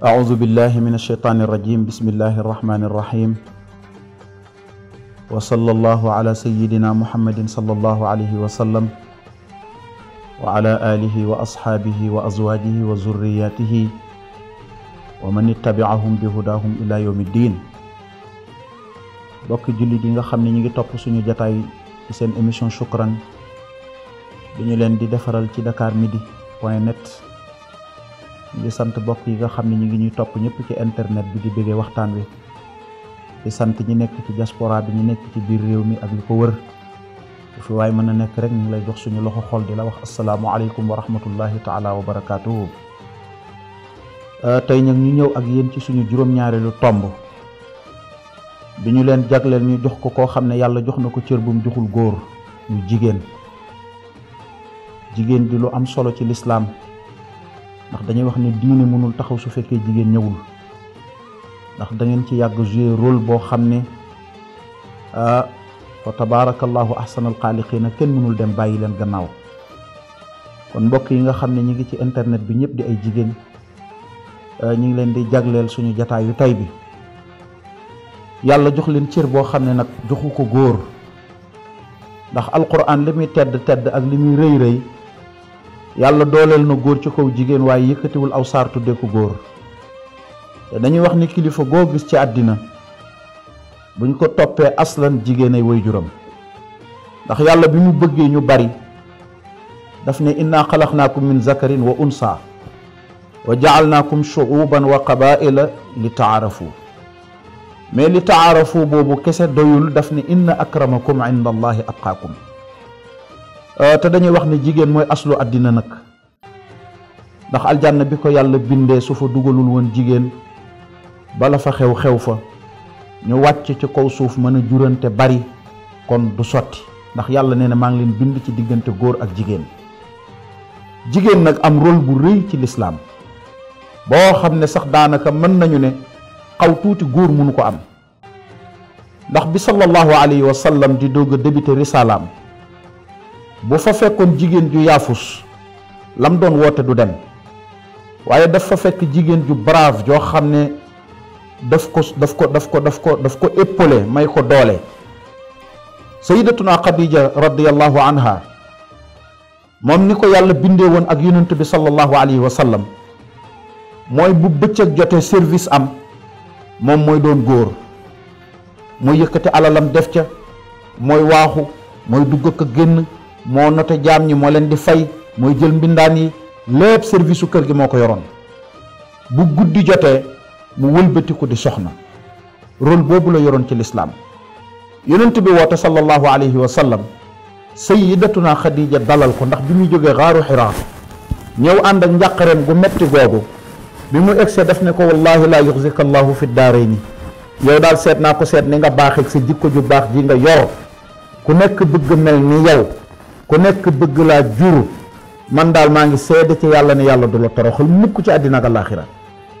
أعوذ بالله من الشيطان الرجيم بسم الله الرحمن الرحيم وصلى الله على سيدنا محمد صلى الله عليه وسلم وعلى آله وأصحابه وأزواجه وذرياته ومن اتبعهم بهداهم إلى يوم الدين bokk jullit yi nga xam ne ñu ngi topp suñu jataay ci seen émission Shukran bi ñu leen di defaral ci Dakar Midi point net li sant bokk yi nga xam ne ñu ngi ñuy topp ñëpp ci internet bi di bëggee waxtaan wi di sant ñi nekk ci diaspora bi ñu nekk ci biir réew mi ak li ko wër fi waaye mën a nekk rek ñu ngi lay jox suñu loxo xol di la wax asalaamualeykum wa rahmatullahi taala wa barakaatuhu euh, tey nag ñu ñëw ak yéen ci suñu juróom-ñaareelu tomb bi ñu leen jagleel ñu jox ko koo xam ne yàlla jox na ko cër bu mu joxul góor ñu jigéen jigéen di lu am solo ci lislaam ndax dañuy wax ni diine mënul taxaw su fekkee jigéen ñëwul ndax dangeen ci yàgg jouer rôle boo xam ne ah fa tabaarakallahu ahsanal xaaliqiina kenn mënul dem bàyyi leen gannaaw kon mbokk yi nga xam ne ñi ngi ci internet bi ñëpp di ay jigéen ñi ngi leen di jagleel suñu jataayu tay bi yàlla jox leen cër boo xam ne nag joxu ko góor ndax alquran li muy tedd tedd ak li muy rëy rëy yàlla dooleel na góor ci kaw jigéen waaye yëkkatiwul aw saar tuddee ko góor te dañuy wax ni kilifa goo gis ci àddina buñ ko toppee aslan jigéen ay juróom ndax yàlla bi mu bëggee ñu bari daf ne inna xalaqnaakum min zakarin wa unsa wa jaalnaakum shuuban wa qabaila li taarafu mais li taarafu boobu kese doyul daf ne inna akramakum inda allahi atqaakum Euh, te dañuy wax ne jigéen mooy aslu àddina nag ndax aljanna bi ko yàlla bindee su fa dugalul woon jigéen bala fa xew xew fa ñu wàcc ci kaw suuf mën a jurante bari kon du sotti ndax yàlla nee na maa ngi leen bind ci diggante góor ak jigéen jigéen nag am rôle bu rëy ci lislaam boo xam ne sax daanaka mën nañu ne xaw tuuti góor mënu ko am ndax bi sallallahu alayhi wa sallam di doog a débuté bu fa fekkoon jigéen ju yaafus lam doon woote du dem waaye daf fa fekk jigéen ju brave joo xam ne daf ko daf ko daf ko daf ko daf ko épaulé may ko doole sayidatuna xadija radiallahu anha moom ni ko yàlla bindee woon ak yonent bi sallallahu alayhi wa sallam mooy bu bëccëg jotee service am moom mooy doon góor mooy yëkkati alalam def ca mooy waaxu mooy dugg ak génn moo note jaam ñi moo leen di fay mooy jël mbindaan yi lépp service su kër gi moo ko yoroon bu guddi jotee mu wëlbatiku di soxna rôle boobu la yoroon ci lislaam yonent bi woote sallallahu alayhi wa sallam sayyidatuna xadija dalal ko ndax bi muy jógee xaaru xiraa ñëw ànd ak njàqareem gu metti googu bi mu see def ne ko wallahi laa yuxzika allahu fi daarayni yow daal seet naa ko seet ni nga baax baaxee sa jikko ju baax ji nga yor ku nekk bëgg mel ni ku nekk bëgg laa jur man daal maa ngi seede ci yàlla ne yàlla du la toroxal mukk ci àddina ak àllaaxira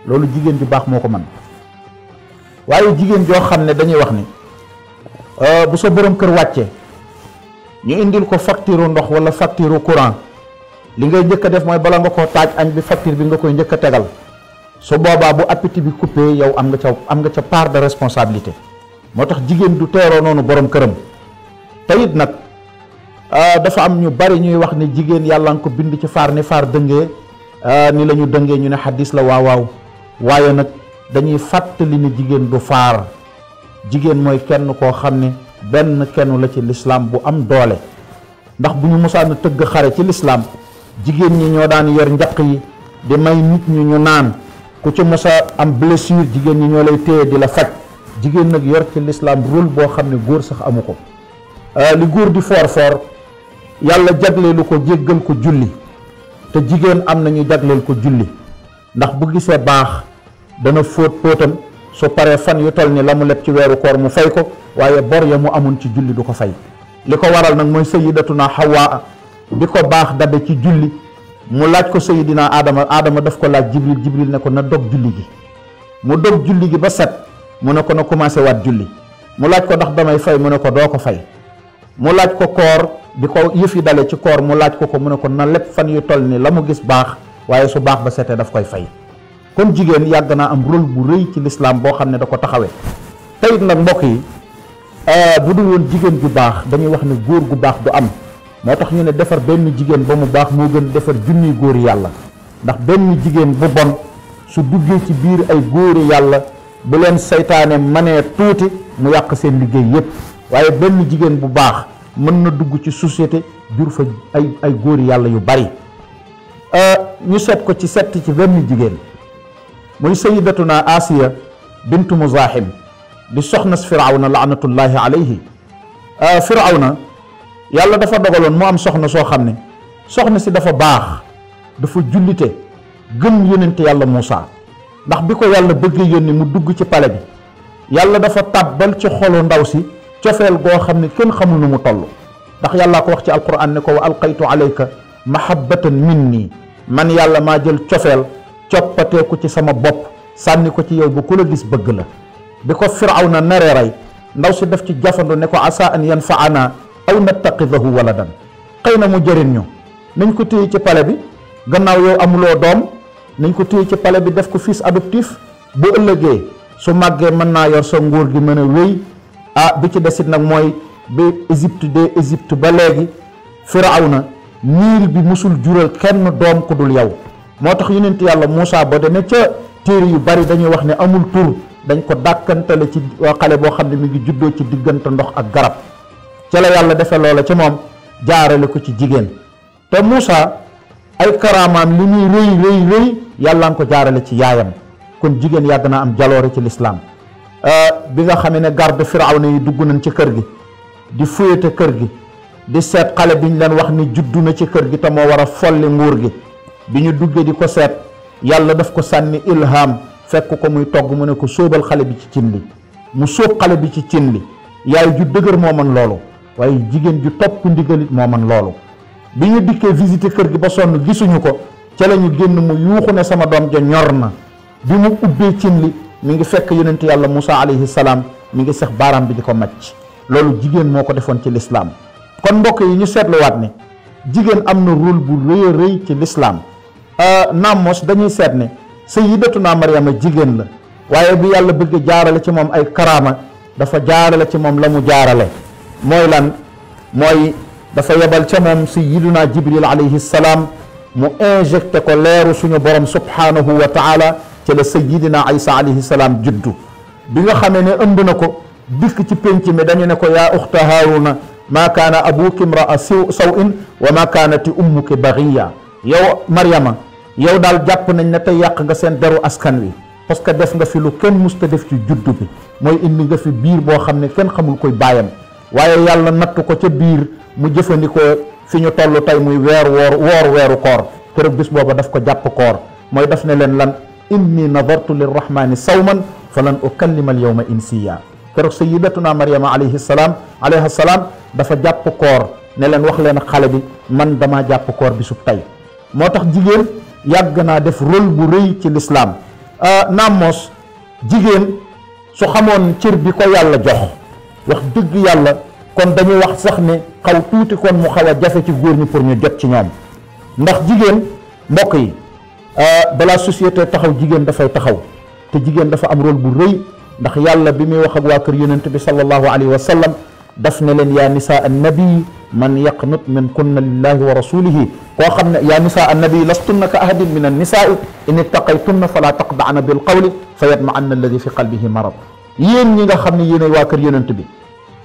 loolu jigéen ju baax moo ko man waaye jigéen joo xam ne dañuy wax ni euh, bu sa borom kër wàcce ñu indil ko facture ndox wala facture courant li ngay njëkk def mooy bala nga koo taaj añ bi facture bi nga koy njëkk a tegal su boobaa bu appétit bi coupé yow am nga ca am nga ca part de responsabilité moo tax jigéen du teeroo noonu borom këram teyit nag Euh, dafa am ñu bari ñuy wax ni jigéen yàlla nga ko bind ci faar ni faar dëngee euh, ni lañu ñu dëngee ñu ne xadis la waaw waaw waaye nag dañuy li ne jigéen du faar jigéen mooy kenn koo xam ne benn kenn la ci lislaam bu am doole ndax bu ñu mosaan tëgg xare ci lislaam jigéen ñi ñoo daan yor njaq yi di may nit ñi ñu naan ku ci mos a am blessure jigéen ñi ñoo lay téye di la faj jigéen nag yor ci lislaam rôle boo xam ne góor sax amu ko euh, li góor di foor foor yàlla jagleelu ko jéggal ko julli te jigéen am na ñu jagleel ko julli ndax bu gisee baax dana fóot fóotam su paree fan yu toll ni la mu leb ci weeru koor mu fay ko waaye bor ya mu amoon ci julli du ko fay li ko waral nag mooy sayyidatuna Hawa bi ko baax dabe ci julli mu laaj ko dinaa Adama Adama daf ko laaj Jibril Jibril ne ko na dog julli gi mu dog julli gi ba set mu ne ko na commencé waat julli mu laaj ko ndax damay fay mu ne ko doo ko fay bi ko yëf yi dalee ci koor mu laaj ko ko mu ne ko na lépp fan yu toll ni la mu gis baax waaye su baax ba setee daf koy fay kon jigéen yàgg naa am rôle bu rëy ci lislaam boo xam ne da ko taxawee tey nag mbokk yi eh, bu dul woon jigéen gu baax dañuy wax ne góor gu baax du am moo tax ñu ne defar benn jigéen ba mu baax moo gën defar junniy góor yàlla ndax benn jigéen bu bon su duggee ci biir ay góori yàlla bu leen seytaane manee tuuti mu yàq seen liggéey yépp waaye benn jigéen bu baax mën na dugg ci société jur fa ay ay góor yàlla yu bari euh, ñu seet ko ci sett ci benn jigéen muy sayidatuna asiya bintu muzahim di soxnas firawna laanatullahi alayhi euh, firawna yàlla dafa dogaloon mu am soxna soo xam ne soxna si dafa baax dafa jullite gëm yónnente yàlla Muusa ndax bi ko yàlla bëggee yónni mu dugg ci pale bi yàlla dafa tàbbal ci xolu ndaw si cofeel goo xam ne kenn xamul nu mu toll ndax yàllaa ko wax ci alquran ne ko wa alqaytu alayka mahabbatan nii man yàlla maa jël cofeel coppateeku ci sama bopp sànni ko ci yow bu ku la gis bëgg la bi ko firawna naree rey ndaw si def ci jafandu ne ko asa an yanfaana aw nattaxidahu waladan xëy na mu jëriñ ñu nañ ko téye ci pale bi gannaaw yow amuloo doom nañ ko téye ci pale bi def ko fils adoptif bu ëllëgee su màggee mën naa yor sa nguur gi mën a wéy ah bi ci desit nag mooy ba Égypte de Égypte ba léegi Firawna niil bi musul jural kenn doom ku dul yow moo tax yonent yàlla Moussa ba demee ca téere yu bari dañuy wax ne amul tur dañ ko dàkkantale ci xale boo xam ne mi ngi juddoo ci diggante ndox ak garab ca la yàlla defe loola ca moom jaarale ko ci jigéen te Moussa ay karaamaam li muy rëy rëy rëy yàlla nga ko jaarale ci yaayam kon jigéen yàgg naa am jaloore ci lislaam Euh, bi nga xamee ne garde firawna yi dugg nañ ci kër gi di fuyete kër gi di seet xale bi ñu leen wax ni juddu na ci kër gi te moo war a folli nguur gi bi ñu duggee di ko seet yàlla daf ko sànni ilham fekk ko muy togg mu ne ko sóobal xale bi ci cin li mu sóob xale bi ci cin li yaay ju dëgër moo man loolu waaye jigéen ju topp ndigalit moo man loolu bi ñu dikkee visité kër gi ba sonn gisuñu ko ca la ñu génn mu yuuxu ne sama doom ja ñor na bi mu ubbee mi ngi fekk yonent yàlla Moussa alayhi salaam mu ngi sex baaram bi di ko màcc loolu jigéen moo ko defoon ci lislaam kon mbokk yi ñu seetluwaat ni jigéen am na rôle bu rëy a ci lislaam euh, naam mos dañuy seet ne sayyidatuna Maryama jigéen la waaye bi yàlla bëgg jaarale ci moom ay karaama dafa jaarale ci moom la mu jaarale mooy lan mooy dafa yebal ca moom sayyiduna Jibril alayhi salaam mu injecté ko leeru suñu borom subhanahu wa taala ca la sayyidina Isa alayhi salaam juddu bi nga xamee ne ëmb na ko dikk ci pénc mi dañu ne ko yaa uxta haaruna maa kaana abuki imraa saw in wa maa kaanati ummuki baxiya yow Mariama yow daal jàpp nañ ne tey yàq nga seen deru askan wi parce que def nga fi lu kenn musta def ci juddu bi mooy indi nga fi biir boo xam ne kenn xamul koy baayam waaye yàlla natt ko ca biir mu jëfandikoo fi ñu toll tey muy weer woor woor weeru koor keroog bis boobu daf ko jàpp koor mooy inni nadartu lirrahmani sawman falan ukallima al yawma insiya keroog sayyidatuna Maryama alayhi salaam alayha salaam dafa jàpp koor ne leen wax leen xale bi man damaa jàpp koor bi sub tey moo tax jigéen yàgg naa def rôle bu rëy ci lislaam euh, naam moos jigéen su xamoon cër bi ko yàlla jox wax dëgg yàlla kon dañu wax sax ne xaw tuuti kon mu xaw a jafe ci góor ñi pour ñu jot ci ñoom ndax jigéen mbokk yi Euh, balaa société taxaw jigéen dafay taxaw te jigéen dafa am rôle bu rëy ndax yàlla bi muy wax ak waa kër yonent bi sallallahu alayhi wa sallam daf ne leen yaa nisaa annabii man yaqnut min kunna lillahi wa rasulihi koo xam ne yaa nisaa annabii lastunna ka ahadin min annisaai in ittaqaytunna falaa taqda'na bil qawli fa yatma'anna alladi fi qalbihi marad yéen ñi nga xam ne yéenay waa kër yonent bi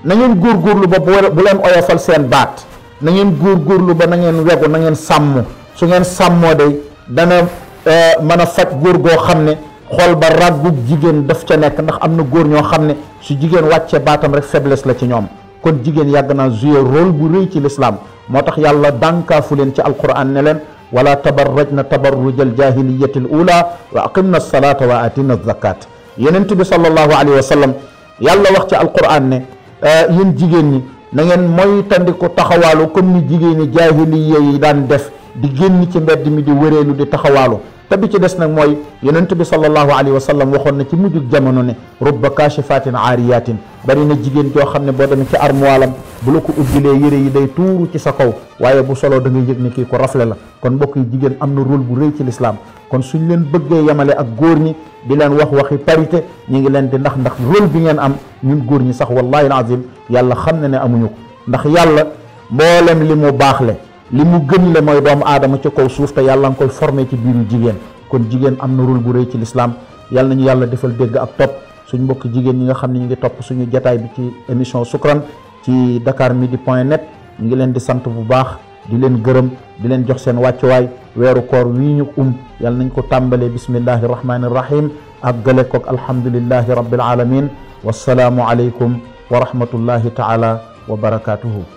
na ngeen góorgóorlu ba bu leen oyofal seen baat na ngeen góorgóorlu ba na ngeen wegu na ngeen sàmm su ngeen sàmmoo day dana eh, mën a faj góor goo xam ne xool ba ràggug jigéen daf ca nekk ndax am na góor ñoo xam ne su jigéen wàccee baatam rek faiblesse la ci ñoom kon jigéen yàgg naa jouer rôle bu rëy ci l'islam moo tax yàlla dànkaafu leen ci alquran ne leen wala tabarrajna tabarruj al jahiliyati al ula wa aqimna alsalata wa atina alzakat yenent bi sallallahu alayhi wa sallam yàlla wax ci alquran ne eh, yéen jigéen ñi na ngeen mooy tandiku taxawaalu comme ni jigéen ñi jaahiliya yi daan def di génn ci mbedd mi di wëreelu di taxawaalu te bi ci des nag mooy yonent bi sallallahu alayhi wa sallam waxoon na ci mujjug jamono ne rubba kaashifatin aariyatin bari na jigéen joo xam ne boo demee ci armoilam bu la ko ubbilee yére yi day tuuru ci sa kaw waaye bu solo da ngay yëg ne kii ko rafle la kon mbokk yi jigéen am na rôle bu rëy ci lislaam kon suñ leen bëggee yemale ak góor ñi di leen wax waxi parité ñu ngi leen di ndax ndax rôle bi ngeen am ñun góor ñi sax wallahi alazim yàlla xam na ne amuñu ko ndax yàlla mboolem li mu baaxle li mu gën le mooy doomu aadama ci kaw suuf te yàlla nga koy formé ci biiru jigéen kon jigéen am na rôle bu rëy ci lislaam yàlla nañu yàlla defal dégg ak topp suñ mbokk jigéen ñi nga xam ne ñu ngi topp suñu jataay bi ci émission Shukran ci dakar midi point net ñu ngi leen di sant bu baax di leen gërëm di leen jox seen wàccuwaay weeru koor wii ñu um yàlla nañ ko tàmbalee bismillahi rahmani rahim ak gële koog alhamdulillahi rabbil alamin wassalaamu aleykum wa rahmatullahi taala wa barakatuhu